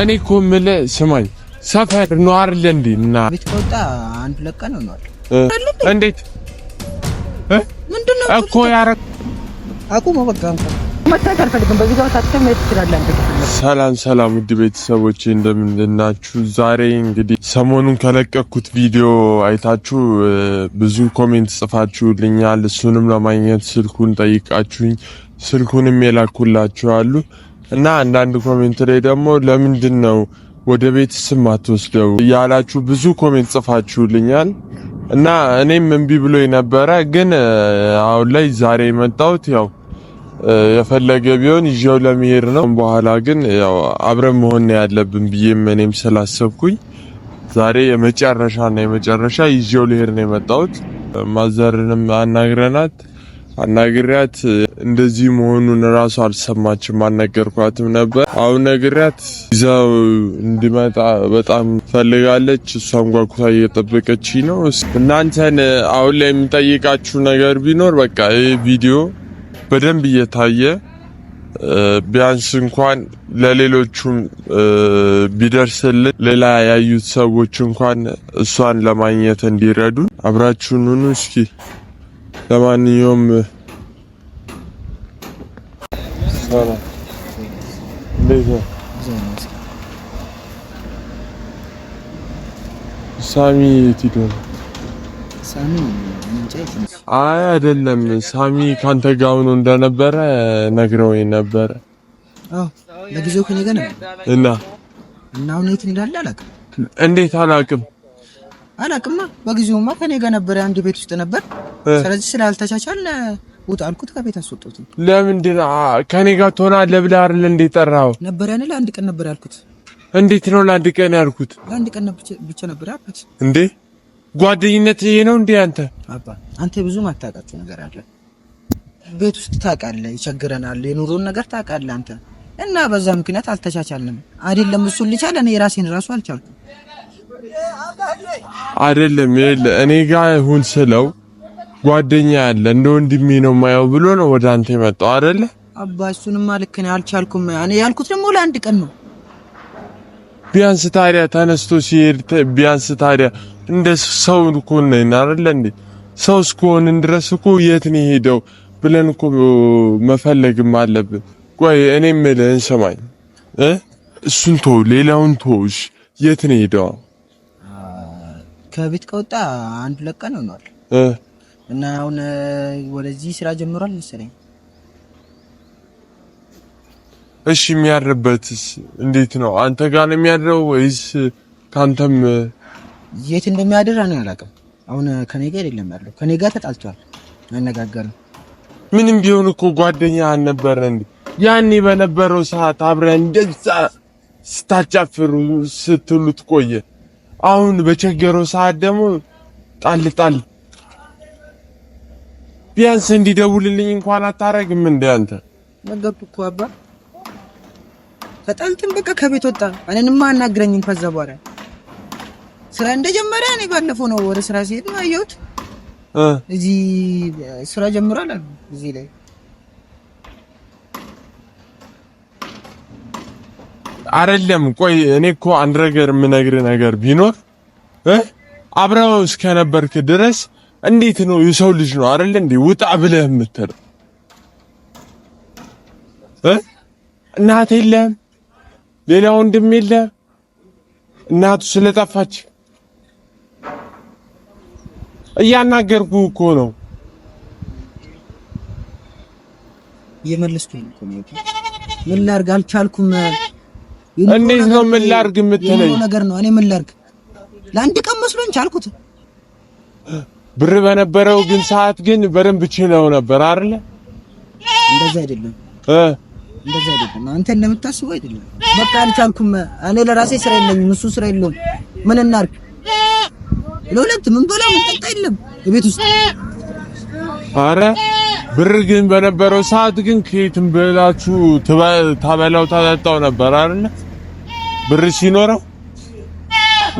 እኔ እኮ የምልህ ስማኝ፣ ሰፈር ነው አይደል እንዴ? እና ቤት ከወጣ አንድ ለቀን ነው እንዴት ምንድነው እኮ ያረ አቁሞ በቃ መታየት ሰላም ሰላም፣ ውድ ቤተሰቦቼ እንደምንድናችሁ? ዛሬ እንግዲህ ሰሞኑን ከለቀኩት ቪዲዮ አይታችሁ ብዙ ኮሜንት ጽፋችሁልኛል። እሱንም ለማግኘት ስልኩን ጠይቃችሁኝ ስልኩንም የላኩላችሁ አሉ። እና አንዳንድ ኮሜንት ላይ ደግሞ ለምንድን ነው ወደ ቤት ስም አትወስደው እያላችሁ ብዙ ኮሜንት ጽፋችሁልኛል እና እኔም እምቢ ብሎ የነበረ ግን አሁን ላይ ዛሬ የመጣሁት ያው የፈለገ ቢሆን ይዤው ለመሄድ ነው። በኋላ ግን ያው አብረን መሆን ያለብን ብዬም እኔም ስላሰብኩኝ ዛሬ የመጨረሻ የመጨረሻና የመጨረሻ ይዤው ልሄድ ነው የመጣሁት። ማዘርንም አናግረናት አናግሪያት እንደዚህ መሆኑን እራሱ አልሰማችም፣ አልነገርኳትም ነበር። አሁን ነግሪያት ይዛው እንድመጣ በጣም ፈልጋለች። እሷም ጓጉታ እየጠበቀች ነው። እናንተን አሁን ላይ የሚጠይቃችሁ ነገር ቢኖር በቃ ይህ ቪዲዮ በደንብ እየታየ ቢያንስ እንኳን ለሌሎቹም ቢደርስልን ሌላ ያዩት ሰዎች እንኳን እሷን ለማግኘት እንዲረዱ አብራችሁን ሁኑ እስኪ ለማንኛውም ሳሚ የት አይ አይደለም፣ ሳሚ ካንተ ጋር ሆኖ እንደነበረ ነግረውኝ ነበረ። አዎ ለጊዜው ከኔ ጋር ነበር እና እና አሁን የት እንዳለ አላውቅም። እንዴት አላውቅም? አላውቅማ፣ በጊዜውማ ከኔ ጋር ነበር፣ አንድ ቤት ውስጥ ነበር። ስለዚህ አልተቻቻለ ውጣ አልኩት፣ ከቤት አስወጡት። ለምንድን ከኔ ጋር ትሆናለህ ብለህ አይደል እንዴ ጠራኸው? ነበር ያኔ ለአንድ ቀን ነበር ያልኩት። እንዴት ነው ለአንድ ቀን ያልኩት? ለአንድ ቀን ብቻ ነበር ያልኩት። እንዴ ጓደኝነት ይሄ ነው እንዴ? አንተ አባ አንተ ብዙ ማታውቃቸው ነገር አለ። ቤት ውስጥ ታውቃለህ፣ ይቸግረናል፣ የኑሮን ነገር ታውቃለህ አንተ እና በዛ ምክንያት አልተቻቻልንም። አይደለም እሱን ልቻል፣ እኔ የራሴን ራሱ አልቻልኩም። አይደለም እኔ ጋር ሁን ስለው ጓደኛ ያለ እንደ ወንድሜ ነው የማየው ብሎ ነው ወደ አንተ የመጣው አይደለ? አባ እሱንማ ልክ ነው አልቻልኩም። እኔ ያልኩት ደግሞ ለአንድ ቀን ነው። ቢያንስ ታዲያ ተነስቶ ሲሄድ ቢያንስ ታዲያ እንደ ሰው እኮ ነን አይደለ እንዴ? ሰው እስከሆንን ድረስ እኮ የት ነው ሄደው ብለን እኮ መፈለግም አለብን። ቆይ እኔ የምልህ እንሰማኝ እ እሱን ቶ ሌላውን ቶሽ የት ነው ሄደው? ከቤት ከወጣ አንድ ለቀን ሆኗል። እና አሁን ወደዚህ ስራ ጀምሯል መሰለኝ። እሺ የሚያድርበትስ እንዴት ነው? አንተ ጋር ነው የሚያድረው ወይስ ካንተም? የት እንደሚያድር እኔ አላውቅም። አሁን ከኔ ጋር አይደለም ያለው፣ ከኔ ጋር ተጣልቷል፣ አነጋገርም ምንም ቢሆን እኮ ጓደኛ አልነበረ እንዴ? ያኔ በነበረው ሰዓት አብረን እንደዛ ስታጫፍሩ ስትሉት ቆየ። አሁን በቸገረው ሰዓት ደግሞ ጣል ጣል ቢያንስ እንዲደውልልኝ እንኳን አታረግም እንዴ አንተ? ነገርኩህ እኮ አባ። ከጣልክም በቃ ከቤት ወጣ። እኔንማ አናግረኝም። ከዛ በኋላ ስራ እንደጀመረ እኔ ባለፈው ነው ወደ ስራ ሲሄድ ነው አየሁት። እዚህ ስራ ጀምሯል አሉ እዚህ ላይ አይደለም። ቆይ እኔ እኮ አንድ ነገር የምነግርህ ነገር ቢኖር አብረው እስከነበርክ ድረስ እንዴት ነው የሰው ልጅ ነው አይደል እንዴ ውጣ ብለህ የምትለው እ እናት የለም ሌላ ወንድም የለም እናቱ ስለጠፋች እያናገርኩ እኮ ነው እየመለስኩኝ እኮ ነው ምን ላድርግ አልቻልኩም እንዴት ነው ምን ላድርግ የምትለኝ ነገር ነው እኔ ምን ላድርግ ለአንድ ቀን መስሎኝ ቻልኩት ብር በነበረው ግን ሰዓት ግን በደንብ ችለው ነበር አይደለ? እንደዛ አይደለም እ እንደዛ አይደለም አንተ እንደምታስበው አይደለም። በቃ አልቻልኩም። እኔ ለራሴ ስራ የለኝም፣ እሱ ስራ የለውም። ምን እናድርግ? ለሁለት ምን በላ ምን ጠጣ የለም ቤት ውስጥ። አረ ብር ግን በነበረው ሰዓት ግን ከየትም ብላችሁ ታበላው ታጠጣው ነበር አይደለ? ብር ሲኖረው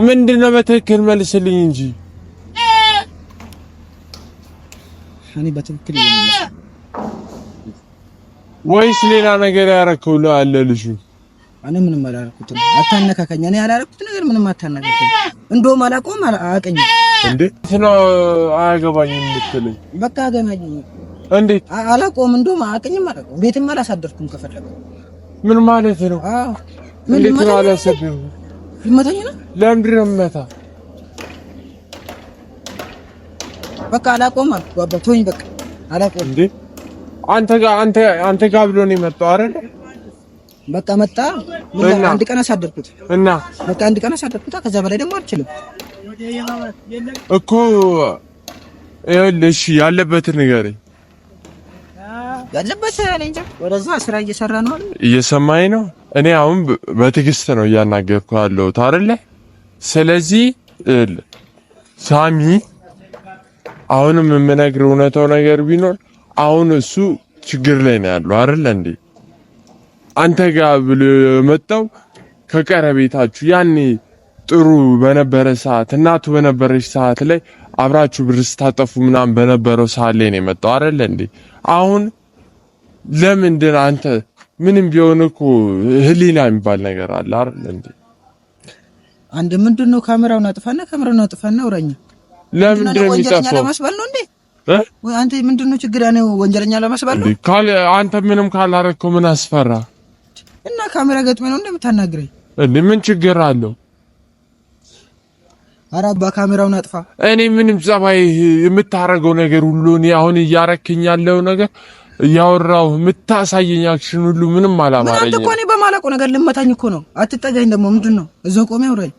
ምንድነው? በትክክል መልስልኝ እንጂ እኔ በትክክል ወይስ ሌላ ነገር ያደረከው አለ ልጁ? እኔ ምንም አላደረኩትም። አታነካከኝ። እኔ ያላደረኩት ነገር ምንም አታነካከኝ። እንደውም አላውቀውም፣ አያውቀኝም። እንዴት ነው አያገባኝም የምትለኝ? በቃ አገናኝ። እንዴት አላውቀውም? እንደውም አያውቀኝም፣ አላውቀውም። ቤትም አላሳደርኩም። ከፈለገ ምን ማለት ነው? አዎ ምን ማለት ነው? አላሳደርኩም። ነው። ለምንድን ነው በቃ አላቆም አልኩ አባቶኝ በቃ አላቆም እንዴ አንተ ጋር አንተ አንተ ጋር ብሎ ነው የመጣው አይደል? በቃ መጣ። አንድ ቀን አሳደርኩት እና በቃ አንድ ቀን አሳደርኩት። ከዛ በላይ ደግሞ አልችልም እኮ ይኸውልህ። ንገረኝ። ያለበት እኔ እንጃ። ወደዛ ስራ እየሰራ ነው አይደል? እየሰማኸኝ ነው? እኔ አሁን በትዕግስት ነው ያለሁት አይደል? ስለዚህ ሳሚ አሁንም የምነግር እውነታው ነገር ቢኖር አሁን እሱ ችግር ላይ ነው ያለው አይደል እንዴ? አንተ ጋር ብሎ የመጣው ከቀረቤታችሁ ያኔ ጥሩ በነበረ ሰዓት እናቱ በነበረች ሰዓት ላይ አብራችሁ ብር ስታጠፉ ምናምን በነበረው ሰዓት ላይ ነው የመጣው አይደል እንዴ? አሁን ለምንድን አንተ ምንም ቢሆን እኮ ህሊና የሚባል ነገር አለ አይደል እንዴ? አንድ ምንድን ነው ካሜራውን አጥፋና ካሜራውን አጥፋና ውረኛ ለምንድን ነው የሚጠፋው? አንተ ምንድን ነው ችግር ነው? ወንጀለኛ ለመስበር ነው። አንተ ምንም ካላረግከው ምን አስፈራ? እና ካሜራ ገጥሜ ነው እንደምታናግረኝ ምን ችግር አለው? አራባ አባ ካሜራውን አጥፋ። እኔ ምንም ጸባይ የምታረገው ነገር ሁሉ እኔ አሁን እያረክኝ ያለው ነገር እያወራው የምታሳየኝ አክሽን ሁሉ ምንም አላማረኝም። አንተ እኮ እኔ ነገር ልመታኝ እኮ ነው። አትጠጋኝ ደግሞ ምንድን ነው እዛው ቆሜ አውራኝ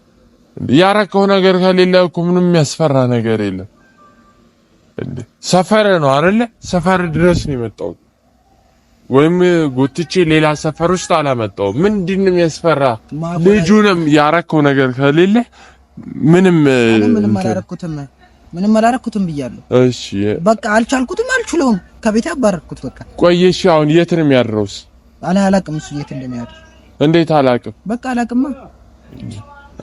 ያረከው ነገር ከሌለ እኮ ምንም የሚያስፈራ ነገር የለም። እንዴ ሰፈር ነው አይደለ? ሰፈር ድረስ ነው የመጣሁት፣ ወይም ጎትቼ ሌላ ሰፈር ውስጥ አላመጣሁም። ምንድን ነው የሚያስፈራ? ልጁንም ያረከው ነገር ከሌለ ምንም ምንም አላረኩትም፣ ምንም አላረኩትም ብያለሁ። እሺ በቃ አልቻልኩትም፣ አልችለውም። ከቤት አባረርኩት። በቃ ቆየሽ። አሁን የት ነው የሚያድረውስ? አላቅም፣ እሱ የት እንደሚያድር። እንዴት አላቅም? በቃ አላቅማ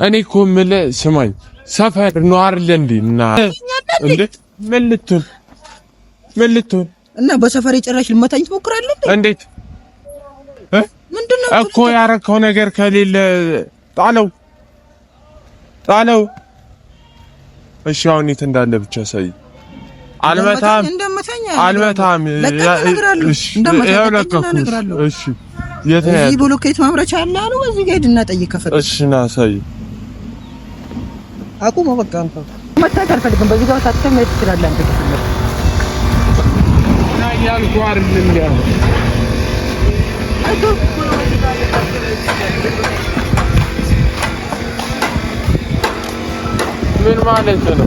እኔ እኮ የምልህ ስማኝ፣ ሰፈር ነው አይደል እንዴ? እና እንዴ ምን ልትሆን ምን ልትሆን እና በሰፈር የጭራሽ ልመታኝ ትሞክራለህ እንዴ? እንዴት ምንድነው እኮ ያረከው ነገር ከሌለ ጣለው፣ ጣለው። እሺ አሁን የት እንዳለ ብቻ ሳይ አልመታም፣ አልመታም። እሺ የት ነው? እዚህ ብሎኬት ማምረቻ አለ አሉ። እዚህ ጋር ሂድና ጠይቅ ከፈለክ። እሺ ና ሳይ አቁሞ በቃ አንተ መታየት አልፈልግም። በዚህ ጋር ሳትተኝ መሄድ ትችላለህ አንተ ተሰምር ያልኩ አይደለም ያው ምን ማለት ነው?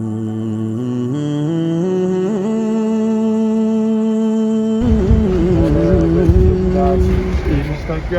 Mm. አሁን